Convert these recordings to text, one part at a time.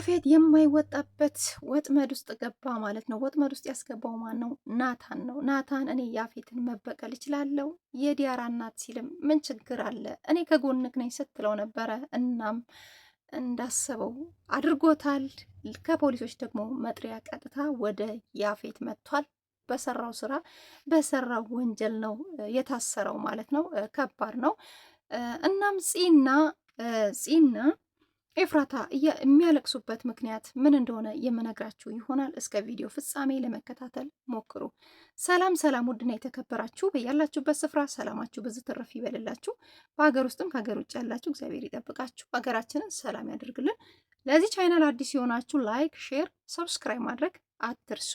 ያፌት የማይወጣበት ወጥመድ ውስጥ ገባ ማለት ነው። ወጥመድ ውስጥ ያስገባው ማን ነው? ናታን ነው። ናታን እኔ ያፌትን መበቀል እችላለሁ የዲያራ እናት ሲልም ምን ችግር አለ እኔ ከጎንክ ነኝ ስትለው ነበረ። እናም እንዳሰበው አድርጎታል። ከፖሊሶች ደግሞ መጥሪያ ቀጥታ ወደ ያፌት መጥቷል። በሰራው ስራ በሰራው ወንጀል ነው የታሰረው ማለት ነው። ከባድ ነው። እናም ጺና ፂና ኤፍራታ የሚያለቅሱበት ምክንያት ምን እንደሆነ የምነግራችሁ ይሆናል። እስከ ቪዲዮ ፍጻሜ ለመከታተል ሞክሩ። ሰላም ሰላም! ውድና የተከበራችሁ በያላችሁበት ስፍራ ሰላማችሁ ብዙ ትርፍ ይበልላችሁ። በሀገር ውስጥም ከሀገር ውጭ ያላችሁ እግዚአብሔር ይጠብቃችሁ፣ ሀገራችንን ሰላም ያደርግልን። ለዚህ ቻይናል አዲስ የሆናችሁ ላይክ፣ ሼር፣ ሰብስክራይብ ማድረግ አትርሱ።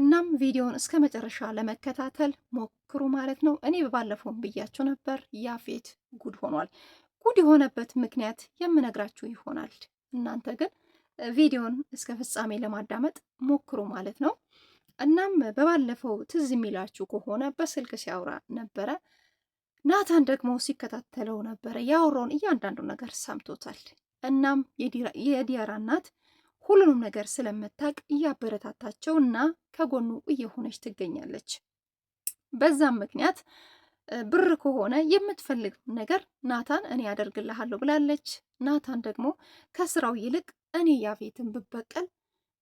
እናም ቪዲዮውን እስከ መጨረሻ ለመከታተል ሞክሩ ማለት ነው። እኔ ባለፈውን ብያችሁ ነበር ያፌት ጉድ ሆኗል። ጉድ የሆነበት ምክንያት የምነግራችሁ ይሆናል። እናንተ ግን ቪዲዮን እስከ ፍጻሜ ለማዳመጥ ሞክሩ ማለት ነው። እናም በባለፈው ትዝ የሚላችሁ ከሆነ በስልክ ሲያወራ ነበረ። ናታን ደግሞ ሲከታተለው ነበረ። ያወራውን እያንዳንዱ ነገር ሰምቶታል። እናም የዲያራ እናት ሁሉንም ነገር ስለምታውቅ እያበረታታቸው እና ከጎኑ እየሆነች ትገኛለች። በዛም ምክንያት ብር ከሆነ የምትፈልግ ነገር ናታን እኔ ያደርግልሃለሁ ብላለች። ናታን ደግሞ ከስራው ይልቅ እኔ ያፌትን ብበቀል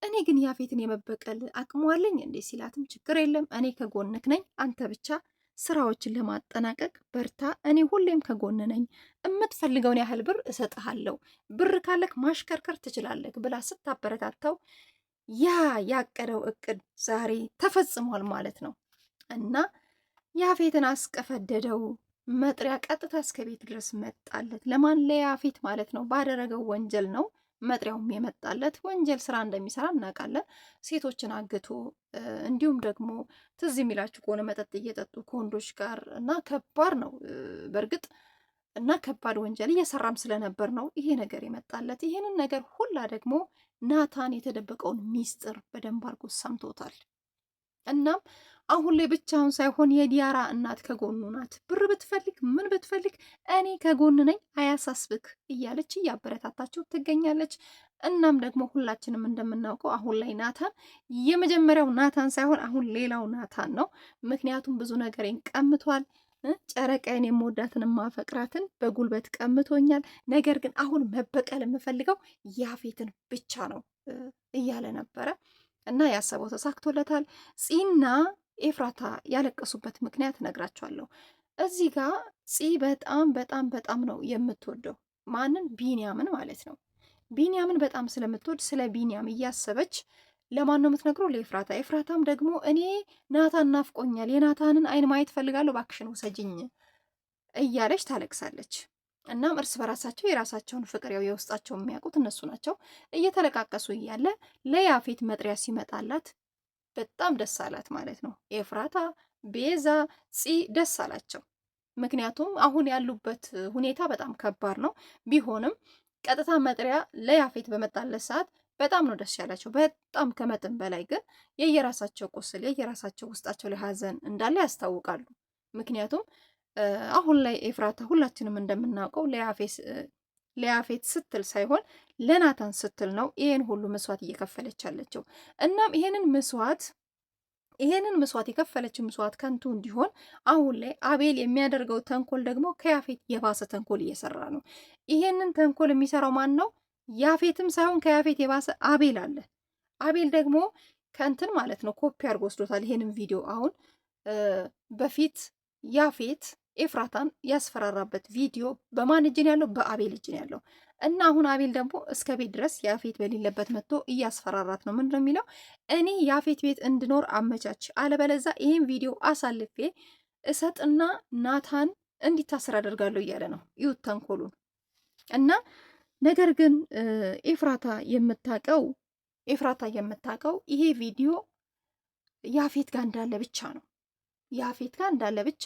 እኔ ግን ያፌትን የመበቀል አቅሙ አለኝ እንዴ ሲላትም ችግር የለም እኔ ከጎንክ ነኝ፣ አንተ ብቻ ስራዎችን ለማጠናቀቅ በርታ፣ እኔ ሁሌም ከጎን ነኝ፣ የምትፈልገውን ያህል ብር እሰጥሃለሁ፣ ብር ካለክ ማሽከርከር ትችላለህ ብላ ስታበረታታው ያ ያቀደው እቅድ ዛሬ ተፈጽሟል ማለት ነው እና ያፌትን አስቀፈደደው። መጥሪያ ቀጥታ እስከ ቤት ድረስ መጣለት። ለማን? ለያፌት ማለት ነው። ባደረገው ወንጀል ነው መጥሪያውም የመጣለት። ወንጀል ስራ እንደሚሰራ እናውቃለን። ሴቶችን አግቶ እንዲሁም ደግሞ ትዝ የሚላችሁ ከሆነ መጠጥ እየጠጡ ከወንዶች ጋር እና ከባድ ነው በእርግጥ እና ከባድ ወንጀል እየሰራም ስለነበር ነው ይሄ ነገር የመጣለት። ይህንን ነገር ሁላ ደግሞ ናታን የተደበቀውን ሚስጥር በደንብ አድርጎ ሰምቶታል። እናም አሁን ላይ ብቻውን ሳይሆን የዲያራ እናት ከጎኑ ናት። ብር ብትፈልግ ምን ብትፈልግ እኔ ከጎን ነኝ፣ አያሳስብክ እያለች እያበረታታችው ትገኛለች። እናም ደግሞ ሁላችንም እንደምናውቀው አሁን ላይ ናታን የመጀመሪያው ናታን ሳይሆን አሁን ሌላው ናታን ነው። ምክንያቱም ብዙ ነገሬን ቀምቷል። ጨረቃዬን የምወዳትን ማፈቅራትን በጉልበት ቀምቶኛል። ነገር ግን አሁን መበቀል የምፈልገው ያፌትን ብቻ ነው እያለ ነበረ እና ያሰበው ተሳክቶለታል። ፂና ኤፍራታ ያለቀሱበት ምክንያት ነግራቸዋለሁ። እዚህ ጋ ፂ በጣም በጣም በጣም ነው የምትወደው ማንን? ቢንያምን ማለት ነው። ቢንያምን በጣም ስለምትወድ ስለ ቢንያም እያሰበች ለማን ነው የምትነግረው? ለኤፍራታ። ኤፍራታም ደግሞ እኔ ናታን ናፍቆኛል፣ የናታንን አይን ማየት ፈልጋለሁ፣ ባክሽን ውሰጅኝ እያለች ታለቅሳለች። እናም እርስ በራሳቸው የራሳቸውን ፍቅር ያው የውስጣቸው የሚያውቁት እነሱ ናቸው። እየተለቃቀሱ እያለ ለያፌት መጥሪያ ሲመጣላት በጣም ደስ አላት ማለት ነው። ኤፍራታ፣ ቤዛ፣ ፂ ደስ አላቸው። ምክንያቱም አሁን ያሉበት ሁኔታ በጣም ከባድ ነው። ቢሆንም ቀጥታ መጥሪያ ለያፌት በመጣለት ሰዓት በጣም ነው ደስ ያላቸው። በጣም ከመጠን በላይ ግን የየራሳቸው ቁስል የየራሳቸው ውስጣቸው ላይ ሀዘን እንዳለ ያስታውቃሉ። ምክንያቱም አሁን ላይ ኤፍራታ ሁላችንም እንደምናውቀው ለያፌት ለያፌት ስትል ሳይሆን ለናታን ስትል ነው ይሄን ሁሉ መስዋዕት እየከፈለች ያለችው። እናም ይሄንን መስዋዕት ይሄንን መስዋዕት የከፈለችው መስዋዕት ከንቱ እንዲሆን አሁን ላይ አቤል የሚያደርገው ተንኮል ደግሞ ከያፌት የባሰ ተንኮል እየሰራ ነው። ይሄንን ተንኮል የሚሰራው ማን ነው? ያፌትም ሳይሆን ከያፌት የባሰ አቤል አለ። አቤል ደግሞ ከንትን ማለት ነው ኮፒ አድርጎ ወስዶታል ይሄንን ቪዲዮ። አሁን በፊት ያፌት ኤፍራታን ያስፈራራበት ቪዲዮ በማን እጅን ያለው? በአቤል እጅን ያለው እና አሁን አቤል ደግሞ እስከ ቤት ድረስ ያፌት በሌለበት መጥቶ እያስፈራራት ነው። ምንድን ነው የሚለው? እኔ ያፌት ቤት እንድኖር አመቻች፣ አለበለዛ ይህም ቪዲዮ አሳልፌ እሰጥና ናታን እንዲታሰር አደርጋለሁ እያለ ነው። ይሁት ተንኮሉን እና ነገር ግን ኤፍራታ የምታቀው ኤፍራታ የምታቀው ይሄ ቪዲዮ ያፌት ጋር እንዳለ ብቻ ነው። ያፌት ጋር እንዳለ ብቻ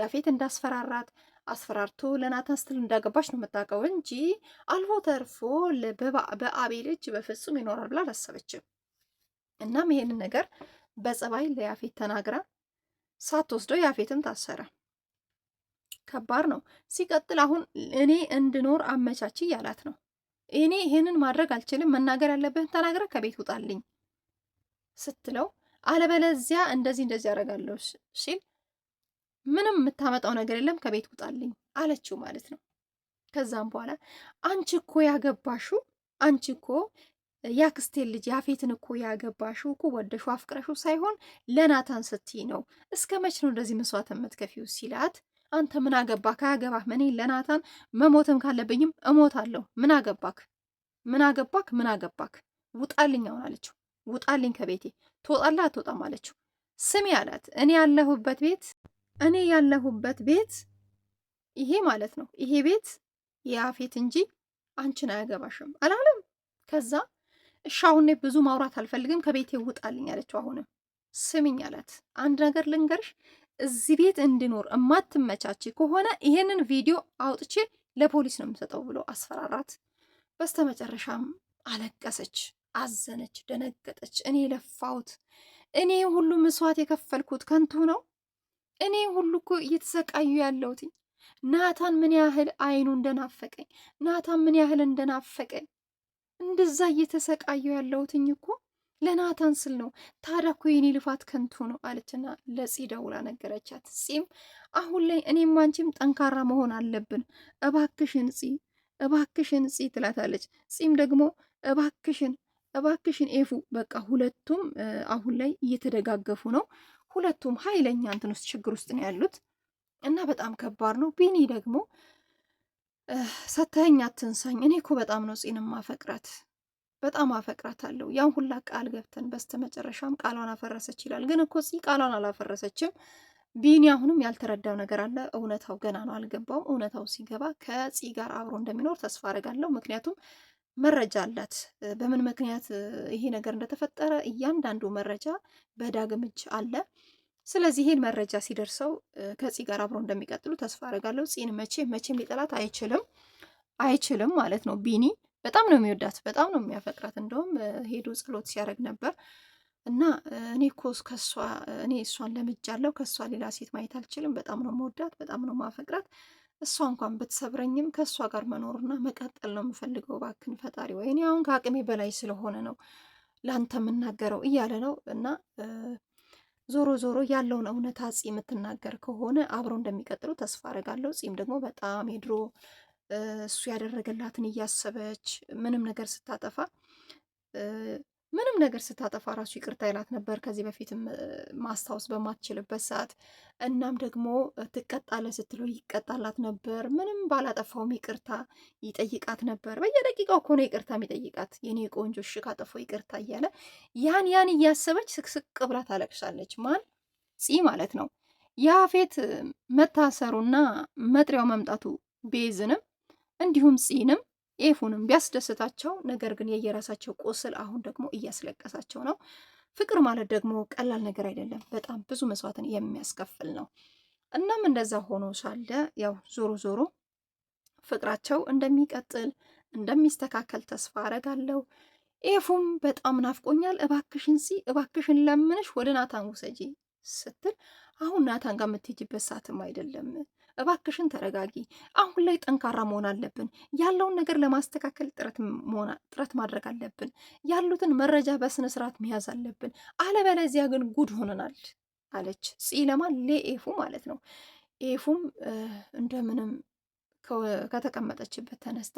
ያፌት እንዳስፈራራት አስፈራርቶ ለናታን ስትል እንዳገባች ነው የምታውቀው እንጂ አልፎ ተርፎ በአቤል እጅ በፍጹም ይኖራል ብላ አላሰበችም። እናም ይሄንን ነገር በጸባይ ለያፌት ተናግራ ሳትወስደው ያፌትም ታሰረ። ከባድ ነው። ሲቀጥል አሁን እኔ እንድኖር አመቻች እያላት ነው። እኔ ይሄንን ማድረግ አልችልም፣ መናገር ያለብህን ተናግረ ከቤት ውጣልኝ ስትለው አለበለዚያ እንደዚህ እንደዚህ ያደርጋለሁ ሲል ምንም የምታመጣው ነገር የለም ከቤት ውጣልኝ አለችው ማለት ነው። ከዛም በኋላ አንቺ እኮ ያገባሹ አንቺ እኮ ያክስቴን ልጅ ያፌትን እኮ ያገባሹ እኮ ወደሹ አፍቅረሹ ሳይሆን ለናታን ስትይ ነው። እስከ መች ነው እንደዚህ መስዋዕት የምትከፊው ሲላት አንተ ምን አገባክ? አያገባህ። እኔ ለናታን መሞትም ካለብኝም እሞታለሁ። ምን አገባክ? ምን አገባክ? ምን አገባክ? ውጣልኝ አሁን አለችው። ውጣልኝ ከቤቴ ትወጣላ አትወጣም አለችው። ስሚ አላት እኔ ያለሁበት ቤት እኔ ያለሁበት ቤት ይሄ ማለት ነው ይሄ ቤት የአፌት እንጂ አንቺን አያገባሽም አላለም። ከዛ እሺ አሁን ብዙ ማውራት አልፈልግም ከቤቴ ውጣልኝ አለችው። አሁንም ስሚኝ አላት አንድ ነገር ልንገርሽ እዚህ ቤት እንድኖር እማትመቻች ከሆነ ይሄንን ቪዲዮ አውጥቼ ለፖሊስ ነው የምሰጠው ብሎ አስፈራራት። በስተመጨረሻም አለቀሰች። አዘነች፣ ደነገጠች። እኔ ለፋውት እኔ ሁሉ መስዋዕት የከፈልኩት ከንቱ ነው? እኔ ሁሉ እኮ እየተሰቃዩ ያለሁትኝ ናታን ምን ያህል አይኑ እንደናፈቀኝ ናታን ምን ያህል እንደናፈቀኝ እንደዛ እየተሰቃዩ ያለሁትኝ እኮ ለናታን ስል ነው። ታዲያ እኮ የኔ ልፋት ከንቱ ነው አለችና ለጺ ደውላ ነገረቻት። ጺም አሁን ላይ እኔም አንቺም ጠንካራ መሆን አለብን፣ እባክሽን ጺ፣ እባክሽን ጺ ትላታለች። ጺም ደግሞ እባክሽን እባክሽን ኤፉ በቃ ሁለቱም አሁን ላይ እየተደጋገፉ ነው። ሁለቱም ኃይለኛ እንትን ውስጥ ችግር ውስጥ ነው ያሉት እና በጣም ከባድ ነው። ቢኒ ደግሞ ሰተኛ አትንሳኝ፣ እኔ እኮ በጣም ነው ጽን ማፈቅራት በጣም አፈቅራት አለው። ያን ሁላ ቃል ገብተን በስተመጨረሻም ቃሏን አፈረሰች ይላል። ግን እኮ ጽ ቃሏን አላፈረሰችም። ቢኒ አሁንም ያልተረዳው ነገር አለ። እውነታው ገና ነው አልገባውም። እውነታው ሲገባ ከጺ ጋር አብሮ እንደሚኖር ተስፋ አደርጋለሁ። ምክንያቱም መረጃ አላት። በምን ምክንያት ይሄ ነገር እንደተፈጠረ እያንዳንዱ መረጃ በዳግም እጅ አለ። ስለዚህ ይህን መረጃ ሲደርሰው ከፂ ጋር አብረው እንደሚቀጥሉ ተስፋ አደርጋለሁ። ፂን መቼ መቼም ሊጠላት አይችልም አይችልም ማለት ነው። ቢኒ በጣም ነው የሚወዳት፣ በጣም ነው የሚያፈቅራት። እንደውም ሄዶ ጸሎት ሲያደርግ ነበር እና እኔ እኮ ከሷ እኔ እሷን ለምጃለሁ፣ ከሷ ሌላ ሴት ማየት አልችልም። በጣም ነው መወዳት፣ በጣም ነው ማፈቅራት እሷ እንኳን ብትሰብረኝም ከእሷ ጋር መኖርና መቀጠል ነው የምፈልገው። እባክን ፈጣሪ ወይ እኔ አሁን ከአቅሜ በላይ ስለሆነ ነው ለአንተ የምናገረው እያለ ነው እና ዞሮ ዞሮ ያለውን እውነታ ፂ የምትናገር ከሆነ አብረው እንደሚቀጥሉ ተስፋ አደርጋለሁ። ፂም ደግሞ በጣም የድሮ እሱ ያደረገላትን እያሰበች ምንም ነገር ስታጠፋ ምንም ነገር ስታጠፋ ራሱ ይቅርታ ይላት ነበር፣ ከዚህ በፊት ማስታወስ በማትችልበት ሰዓት። እናም ደግሞ ትቀጣለ ስትለው ይቀጣላት ነበር። ምንም ባላጠፋውም ይቅርታ ይጠይቃት ነበር። በየደቂቃው እኮ ነው ይቅርታ የሚጠይቃት። የኔ ቆንጆ እሺ ካጠፋው ይቅርታ እያለ ያን ያን እያሰበች ስቅስቅ ብላ ታለቅሳለች። ማን ፂ ማለት ነው። ያፌት መታሰሩና መጥሪያው መምጣቱ ቤዝንም እንዲሁም ፂንም ኤፉንም ቢያስደስታቸው ነገር ግን የየራሳቸው ቁስል አሁን ደግሞ እያስለቀሳቸው ነው። ፍቅር ማለት ደግሞ ቀላል ነገር አይደለም። በጣም ብዙ መስዋዕትን የሚያስከፍል ነው። እናም እንደዛ ሆኖ ሳለ ያው ዞሮ ዞሮ ፍቅራቸው እንደሚቀጥል እንደሚስተካከል ተስፋ አረጋለሁ። ኤፉም በጣም ናፍቆኛል፣ እባክሽን ሲ እባክሽን ለምንሽ ወደ ናታን ውሰጂ ስትል አሁን ናታን ጋር የምትሄጂበት ሰዓትም አይደለም እባክሽን ተረጋጊ። አሁን ላይ ጠንካራ መሆን አለብን። ያለውን ነገር ለማስተካከል ጥረት ማድረግ አለብን። ያሉትን መረጃ በስነ ስርዓት መያዝ አለብን። አለበለዚያ ግን ጉድ ሆነናል አለች ለማ ለኤፉ ማለት ነው። ኤፉም እንደምንም ከተቀመጠችበት ተነስታ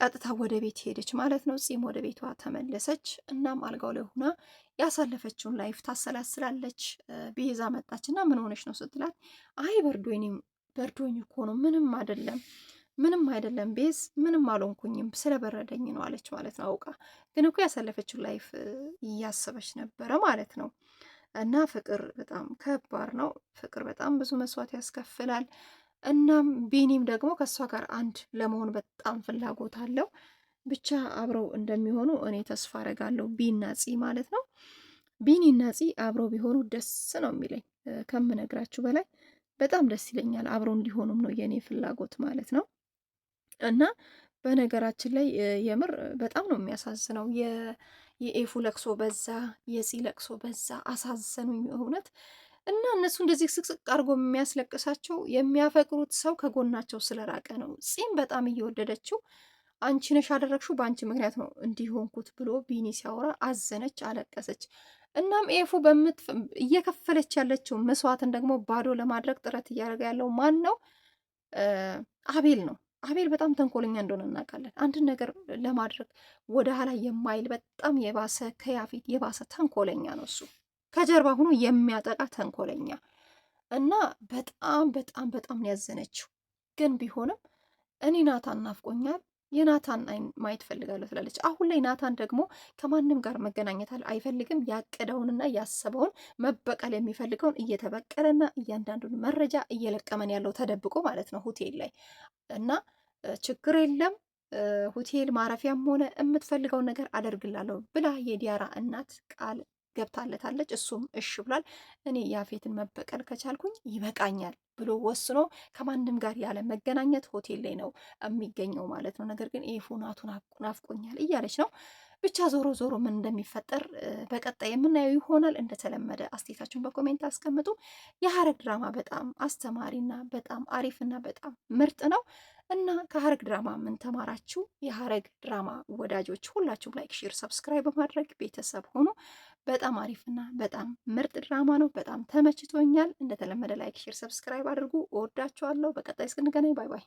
ቀጥታ ወደ ቤት ሄደች ማለት ነው። ፂም ወደ ቤቷ ተመለሰች። እናም አልጋው ላይ ሆና ያሳለፈችውን ላይፍ ታሰላስላለች። ቤዛ መጣች እና ምን ሆነች ነው ስትላት፣ አይ በርዶኝ በርዶኝ እኮ ነው ምንም አይደለም ምንም አይደለም ቤዝ ምንም አልሆንኩኝም ስለበረደኝ ነው አለች ማለት ነው። አውቃ ግን እኮ ያሳለፈችውን ላይፍ እያሰበች ነበረ ማለት ነው። እና ፍቅር በጣም ከባድ ነው። ፍቅር በጣም ብዙ መስዋዕት ያስከፍላል። እናም ቢኒም ደግሞ ከእሷ ጋር አንድ ለመሆን በጣም ፍላጎት አለው። ብቻ አብረው እንደሚሆኑ እኔ ተስፋ አረጋለሁ። ቢና ጺ ማለት ነው። ቢኒና ጺ አብረው ቢሆኑ ደስ ነው የሚለኝ ከምነግራችሁ በላይ በጣም ደስ ይለኛል። አብረው እንዲሆኑም ነው የእኔ ፍላጎት ማለት ነው። እና በነገራችን ላይ የምር በጣም ነው የሚያሳዝነው። የኤፉ ለቅሶ በዛ፣ የጺ ለቅሶ በዛ። አሳዘኑኝ እውነት እና እነሱ እንደዚህ ስቅስቅ አድርጎ የሚያስለቅሳቸው የሚያፈቅሩት ሰው ከጎናቸው ስለራቀ ነው። ጺም በጣም እየወደደችው አንቺ ነሽ አደረግሽው፣ በአንቺ ምክንያት ነው እንዲሆንኩት ብሎ ቢኒ ሲያወራ አዘነች፣ አለቀሰች። እናም ኤፉ እየከፈለች ያለችው መስዋዕትን ደግሞ ባዶ ለማድረግ ጥረት እያደረገ ያለው ማን ነው? አቤል ነው። አቤል በጣም ተንኮለኛ እንደሆነ እናውቃለን። አንድን ነገር ለማድረግ ወደ ኋላ የማይል በጣም የባሰ ከያፊት የባሰ ተንኮለኛ ነው እሱ። ከጀርባ ሆኖ የሚያጠቃ ተንኮለኛ እና በጣም በጣም በጣም ነው ያዘነችው። ግን ቢሆንም እኔ ናታን ናፍቆኛል፣ የናታን አይን ማየት ፈልጋለሁ ትላለች። አሁን ላይ ናታን ደግሞ ከማንም ጋር መገናኘት አይፈልግም። ያቀደውንና ያሰበውን መበቀል የሚፈልገውን እየተበቀለና እያንዳንዱን መረጃ እየለቀመን ያለው ተደብቆ ማለት ነው ሆቴል ላይ እና ችግር የለም ሆቴል ማረፊያም ሆነ የምትፈልገውን ነገር አደርግላለሁ ብላ የዲያራ እናት ቃል ገብታለታለች። እሱም እሽ ብሏል። እኔ ያፌትን መበቀል ከቻልኩኝ ይበቃኛል ብሎ ወስኖ ከማንም ጋር ያለ መገናኘት ሆቴል ላይ ነው የሚገኘው ማለት ነው። ነገር ግን ይህ ናፍቆኛል እያለች ነው። ብቻ ዞሮ ዞሮ ምን እንደሚፈጠር በቀጣይ የምናየው ይሆናል። እንደተለመደ አስተያየታችሁን በኮሜንት አስቀምጡ። የሀረግ ድራማ በጣም አስተማሪና በጣም አሪፍና በጣም ምርጥ ነው እና ከሀረግ ድራማ ምን ተማራችሁ? የሀረግ ድራማ ወዳጆች ሁላችሁም ላይክ፣ ሼር፣ ሰብስክራይብ በማድረግ ቤተሰብ ሆኑ። በጣም አሪፍና በጣም ምርጥ ድራማ ነው። በጣም ተመችቶኛል። እንደተለመደ ላይክ፣ ሼር፣ ሰብስክራይብ አድርጉ። እወዳችኋለሁ። በቀጣይ እስክንገናኝ ባይ ባይ።